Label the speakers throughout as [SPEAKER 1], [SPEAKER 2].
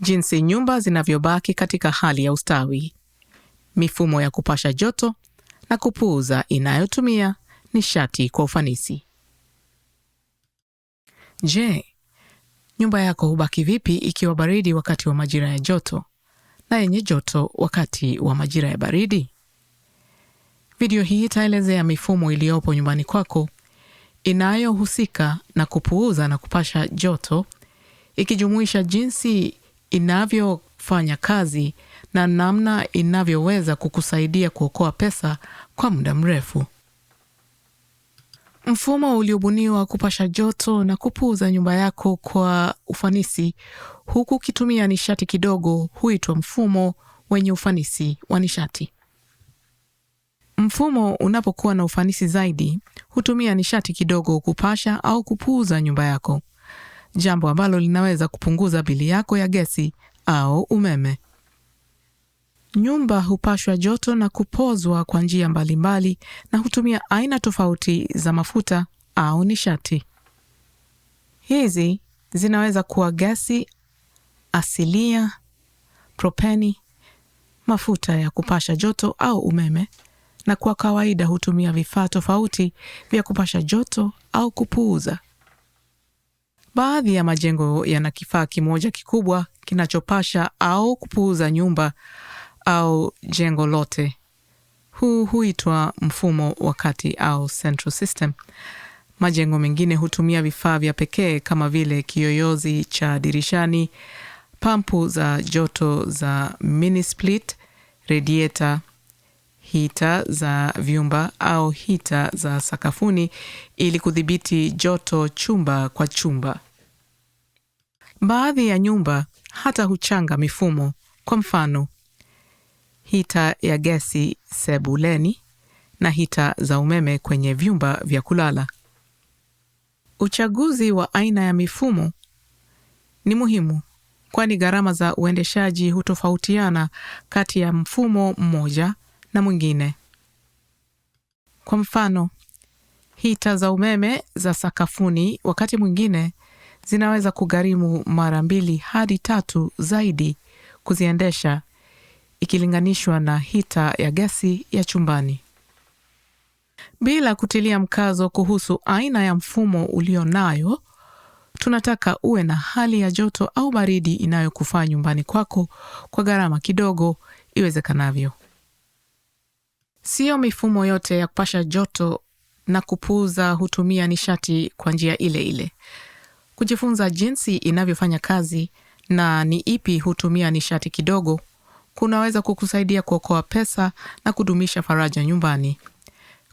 [SPEAKER 1] jinsi nyumba zinavyobaki katika hali ya ustawi, mifumo ya kupasha joto na kupuuza inayotumia nishati kwa ufanisi. Je, nyumba yako hubaki vipi ikiwa baridi wakati wa majira ya joto na yenye joto wakati wa majira ya baridi? Video hii itaelezea mifumo iliyopo nyumbani kwako inayohusika na kupuuza na kupasha joto, ikijumuisha jinsi inavyofanya kazi na namna inavyoweza kukusaidia kuokoa pesa kwa muda mrefu. Mfumo uliobuniwa kupasha joto na kupuuza nyumba yako kwa ufanisi huku ukitumia nishati kidogo huitwa mfumo wenye ufanisi wa nishati. Mfumo unapokuwa na ufanisi zaidi, hutumia nishati kidogo kupasha au kupuuza nyumba yako jambo ambalo linaweza kupunguza bili yako ya gesi au umeme. Nyumba hupashwa joto na kupozwa kwa njia mbalimbali na hutumia aina tofauti za mafuta au nishati. Hizi zinaweza kuwa gesi asilia, propeni, mafuta ya kupasha joto au umeme, na kwa kawaida hutumia vifaa tofauti vya kupasha joto au kupuuza. Baadhi ya majengo yana kifaa kimoja kikubwa kinachopasha au kupuuza nyumba au jengo lote. Huu huitwa mfumo wa kati au central system. Majengo mengine hutumia vifaa vya pekee kama vile kiyoyozi cha dirishani, pampu za joto za mini split, radiator, hita za vyumba au hita za sakafuni ili kudhibiti joto chumba kwa chumba. Baadhi ya nyumba hata huchanga mifumo, kwa mfano hita ya gesi sebuleni na hita za umeme kwenye vyumba vya kulala. Uchaguzi wa aina ya mifumo ni muhimu, kwani gharama za uendeshaji hutofautiana kati ya mfumo mmoja na mwingine. Kwa mfano, hita za umeme za sakafuni wakati mwingine zinaweza kugharimu mara mbili hadi tatu zaidi kuziendesha ikilinganishwa na hita ya gesi ya chumbani. Bila kutilia mkazo kuhusu aina ya mfumo ulio nayo, tunataka uwe na hali ya joto au baridi inayokufaa nyumbani kwako kwa gharama kidogo iwezekanavyo. Siyo mifumo yote ya kupasha joto na kupuuza hutumia nishati kwa njia ile ile kujifunza jinsi inavyofanya kazi na ni ipi hutumia nishati kidogo kunaweza kukusaidia kuokoa pesa na kudumisha faraja nyumbani.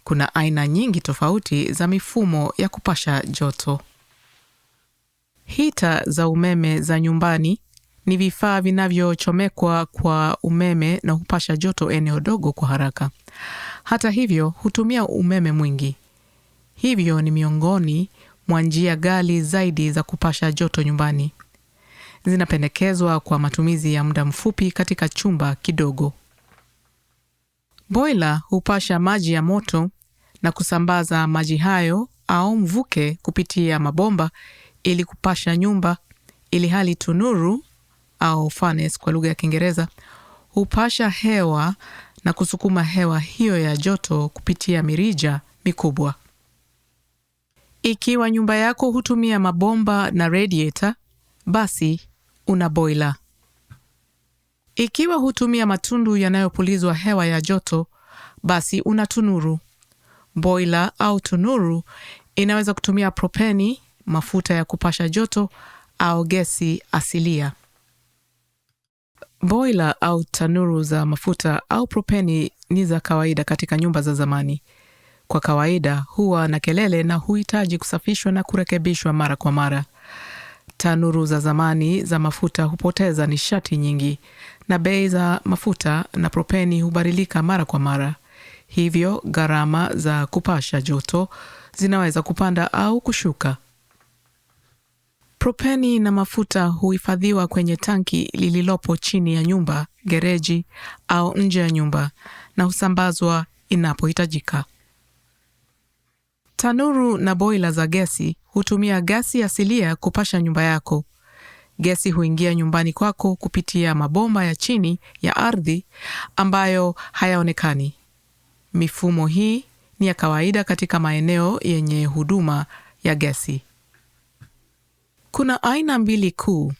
[SPEAKER 1] Kuna aina nyingi tofauti za mifumo ya kupasha joto. Hita za umeme za nyumbani ni vifaa vinavyochomekwa kwa umeme na hupasha joto eneo dogo kwa haraka. Hata hivyo, hutumia umeme mwingi. Hivyo ni miongoni mwa njia gali zaidi za kupasha joto nyumbani. Zinapendekezwa kwa matumizi ya muda mfupi katika chumba kidogo. Boila hupasha maji ya moto na kusambaza maji hayo au mvuke kupitia mabomba ili kupasha nyumba, ili hali tunuru au furnace kwa lugha ya Kiingereza hupasha hewa na kusukuma hewa hiyo ya joto kupitia mirija mikubwa. Ikiwa nyumba yako hutumia mabomba na radiator, basi una boiler. Ikiwa hutumia matundu yanayopulizwa hewa ya joto, basi una tunuru. Boiler au tunuru inaweza kutumia propeni, mafuta ya kupasha joto au gesi asilia. Boiler au tanuru za mafuta au propeni ni za kawaida katika nyumba za zamani. Kwa kawaida huwa na kelele na huhitaji kusafishwa na kurekebishwa mara kwa mara. Tanuru za zamani za mafuta hupoteza nishati nyingi na bei za mafuta na propeni hubadilika mara kwa mara, hivyo gharama za kupasha joto zinaweza kupanda au kushuka. Propeni na mafuta huhifadhiwa kwenye tanki lililopo chini ya nyumba, gereji au nje ya nyumba na husambazwa inapohitajika. Tanuru na boila za gesi hutumia gasi asilia kupasha nyumba yako. Gesi huingia nyumbani kwako kupitia mabomba ya chini ya ardhi ambayo hayaonekani. Mifumo hii ni ya kawaida katika maeneo yenye huduma ya gesi. Kuna aina mbili kuu: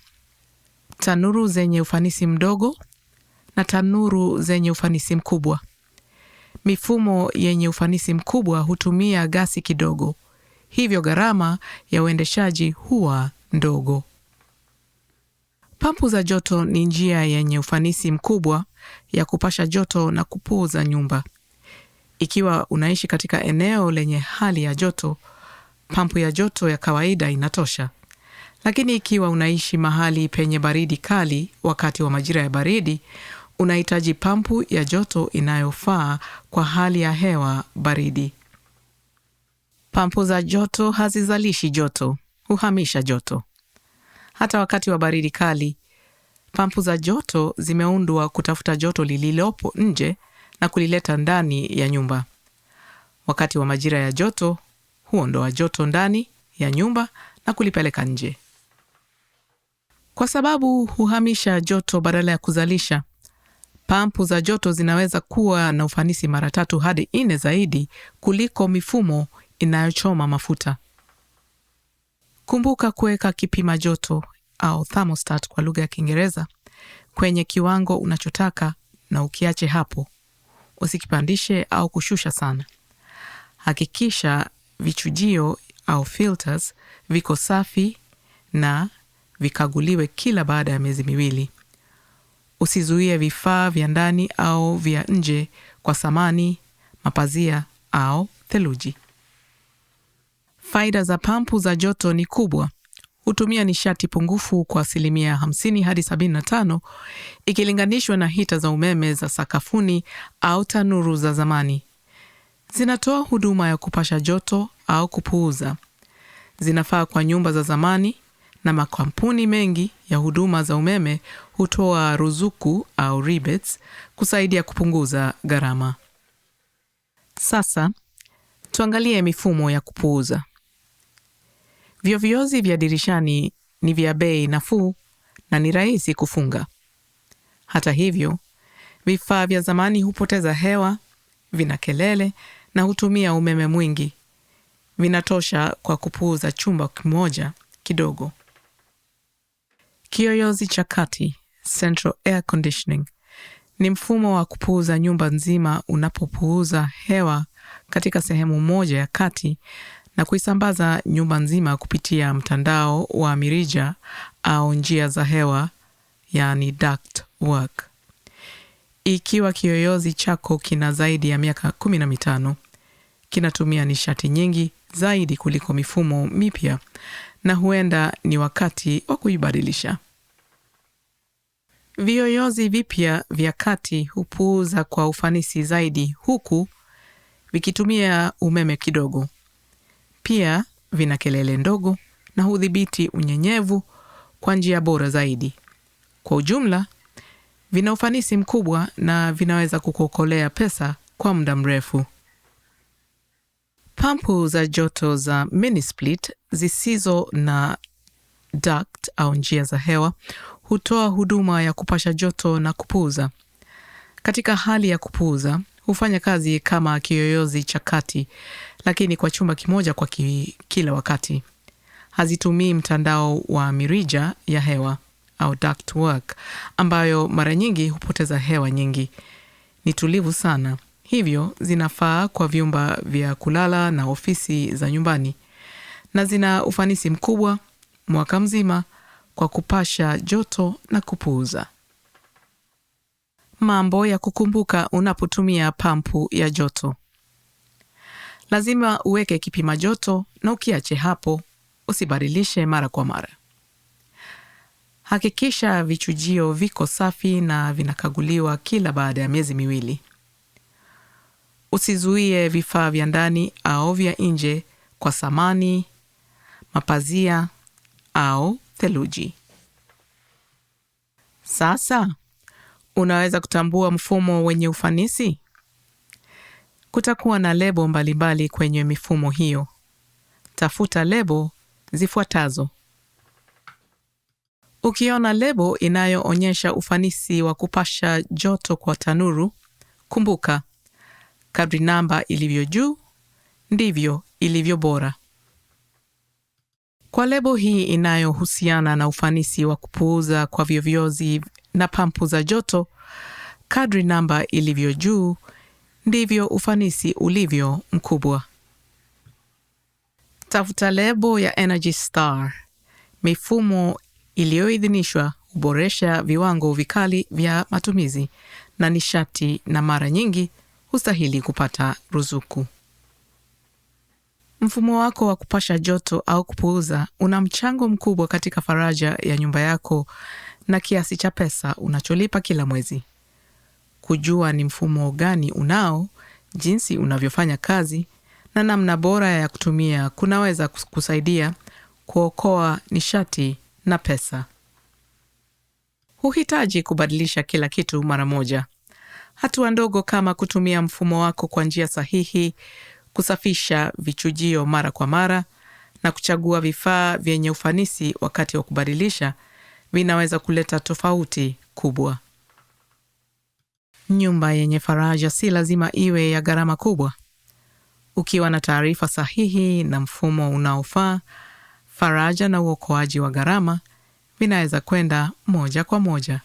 [SPEAKER 1] tanuru zenye ufanisi mdogo na tanuru zenye ufanisi mkubwa. Mifumo yenye ufanisi mkubwa hutumia gasi kidogo, hivyo gharama ya uendeshaji huwa ndogo. Pampu za joto ni njia yenye ufanisi mkubwa ya kupasha joto na kupoza nyumba. Ikiwa unaishi katika eneo lenye hali ya joto, pampu ya joto ya kawaida inatosha. Lakini ikiwa unaishi mahali penye baridi kali wakati wa majira ya baridi, unahitaji pampu ya joto inayofaa kwa hali ya hewa baridi. Pampu za joto hazizalishi joto, huhamisha joto. Hata wakati wa baridi kali, pampu za joto zimeundwa kutafuta joto lililopo nje na kulileta ndani ya nyumba. Wakati wa majira ya joto huondoa joto ndani ya nyumba na kulipeleka nje. Kwa sababu huhamisha joto badala ya kuzalisha, Pampu za joto zinaweza kuwa na ufanisi mara tatu hadi nne zaidi kuliko mifumo inayochoma mafuta. Kumbuka kuweka kipima joto au thermostat kwa lugha ya Kiingereza kwenye kiwango unachotaka na ukiache hapo. Usikipandishe au kushusha sana. Hakikisha vichujio au filters viko safi na vikaguliwe kila baada ya miezi miwili. Usizuie vifaa vya ndani au vya nje kwa samani, mapazia au theluji. Faida za pampu za joto ni kubwa. Hutumia nishati pungufu kwa asilimia 50 hadi 75 ikilinganishwa na hita za umeme za sakafuni au tanuru za zamani. Zinatoa huduma ya kupasha joto au kupuuza. Zinafaa kwa nyumba za zamani, na makampuni mengi ya huduma za umeme hutoa ruzuku au rebates kusaidia kupunguza gharama. Sasa tuangalie mifumo ya kupuuza. vyoviozi vya dirishani ni vya bei nafuu na ni rahisi kufunga. Hata hivyo, vifaa vya zamani hupoteza hewa, vina kelele na hutumia umeme mwingi. Vinatosha kwa kupuuza chumba kimoja kidogo. Kiyoyozi cha kati, central air conditioning, ni mfumo wa kupuuza nyumba nzima unapopuuza hewa katika sehemu moja ya kati na kuisambaza nyumba nzima kupitia mtandao wa mirija au njia za hewa, yani work. Ikiwa kiyoyozi chako kina zaidi ya miaka kumi na mitano, kinatumia nishati nyingi zaidi kuliko mifumo mipya na huenda ni wakati wa kuibadilisha. Viyoyozi vipya vya kati hupuuza kwa ufanisi zaidi huku vikitumia umeme kidogo. Pia vina kelele ndogo na hudhibiti unyenyevu kwa njia bora zaidi. Kwa ujumla, vina ufanisi mkubwa na vinaweza kukuokolea pesa kwa muda mrefu. Pampu za joto za mini split zisizo na duct au njia za hewa hutoa huduma ya kupasha joto na kupuuza. Katika hali ya kupuuza, hufanya kazi kama kiyoyozi cha kati, lakini kwa chumba kimoja kwa ki, kila wakati. Hazitumii mtandao wa mirija ya hewa au work, ambayo mara nyingi hupoteza hewa nyingi. Ni tulivu sana, hivyo zinafaa kwa vyumba vya kulala na ofisi za nyumbani, na zina ufanisi mkubwa mwaka mzima kwa kupasha joto na kupuuza. Mambo ya kukumbuka unapotumia pampu ya joto: lazima uweke kipima joto na ukiache hapo, usibadilishe mara kwa mara. Hakikisha vichujio viko safi na vinakaguliwa kila baada ya miezi miwili. Usizuie vifaa vya ndani au vya nje kwa samani, mapazia au theluji. Sasa unaweza kutambua mfumo wenye ufanisi. Kutakuwa na lebo mbalimbali kwenye mifumo hiyo. Tafuta lebo zifuatazo. Ukiona lebo inayoonyesha ufanisi wa kupasha joto kwa tanuru, kumbuka, kadri namba ilivyo juu ndivyo ilivyo bora. Kwa lebo hii inayohusiana na ufanisi wa kupuuza kwa vyovyozi na pampu za joto, kadri namba ilivyo juu ndivyo ufanisi ulivyo mkubwa. Tafuta lebo ya Energy Star. Mifumo iliyoidhinishwa huboresha viwango vikali vya matumizi na nishati na mara nyingi hustahili kupata ruzuku. Mfumo wako wa kupasha joto au kupuuza una mchango mkubwa katika faraja ya nyumba yako na kiasi cha pesa unacholipa kila mwezi. Kujua ni mfumo gani unao, jinsi unavyofanya kazi na namna bora ya kutumia kunaweza kusaidia kuokoa nishati na pesa. Huhitaji kubadilisha kila kitu mara moja. Hatua ndogo kama kutumia mfumo wako kwa njia sahihi, kusafisha vichujio mara kwa mara na kuchagua vifaa vyenye ufanisi wakati wa kubadilisha vinaweza kuleta tofauti kubwa. Nyumba yenye faraja si lazima iwe ya gharama kubwa. Ukiwa na taarifa sahihi na mfumo unaofaa, faraja na uokoaji wa gharama vinaweza kwenda moja kwa moja.